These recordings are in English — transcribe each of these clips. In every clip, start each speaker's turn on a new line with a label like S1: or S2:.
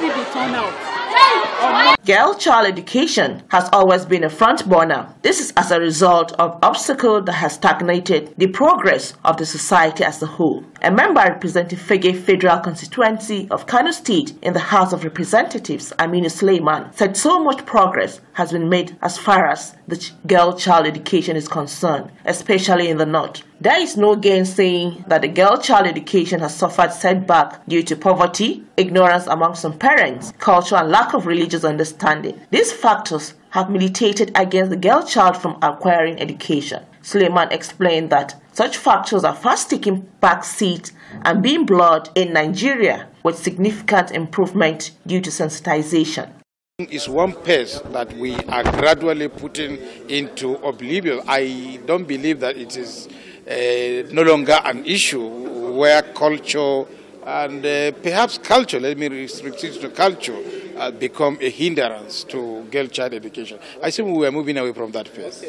S1: see the turnout.
S2: Girl child education has always been a front burner. This is as a result of obstacle that has stagnated the progress of the society as a whole. A member representing Fege Federal Constituency of Kano State in the House of Representatives, Aminu Sleiman, said so much progress has been made as far as the girl child education is concerned, especially in the north. There is no gainsaying that the girl child education has suffered setback due to poverty, ignorance among some parents, culture, and lack of religious understanding. These factors have militated against the girl child from acquiring education. Suleiman explained that such factors are fast taking back seat and being blurred in Nigeria with significant improvement due to sensitization
S3: is one pace that we are gradually putting into oblivion. I don't believe that it is Eh, no longer an issue where culture and eh, perhaps culture, let me restrict it to culture, uh, become a hindrance to girl child education. I think we are moving away from that phase.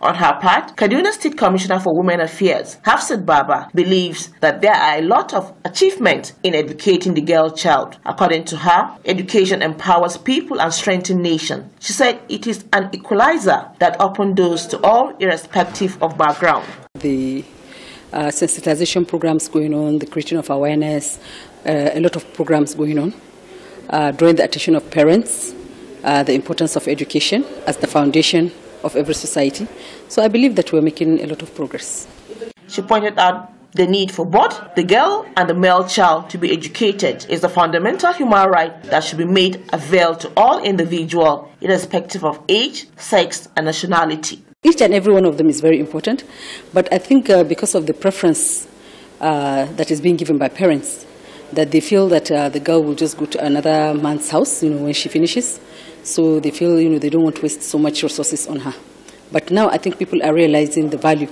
S3: On her part, Kaduna State Commissioner for Women Affairs, Hafsat
S2: Baba, believes that there are a lot of achievements in educating the girl child. According to her, education empowers people and strengthens nation. She said it is an equalizer that opens doors to all irrespective of background
S1: the uh, sensitization programs going on, the creation of awareness, uh, a lot of programs going on, uh, drawing the attention of parents, uh, the importance of education as the foundation of every society. So I believe that we're making a lot of progress. She pointed out
S2: the need for both the girl and the male child to be educated is a fundamental human right that should be made available to all individuals, irrespective of age, sex,
S1: and nationality. Each and every one of them is very important, but I think uh, because of the preference uh, that is being given by parents, that they feel that uh, the girl will just go to another man's house, you know, when she finishes. So they feel, you know, they don't want to waste so much resources on her. But now I think people are realizing the value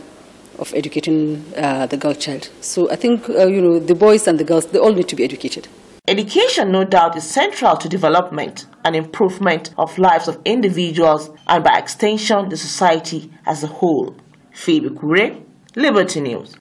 S1: of educating uh, the girl child. So I think, uh, you know, the boys and the girls, they all need to be educated. Education, no doubt,
S2: is central to development and improvement of lives of individuals and by extension the society as a whole. Phoebe Kure, Liberty News.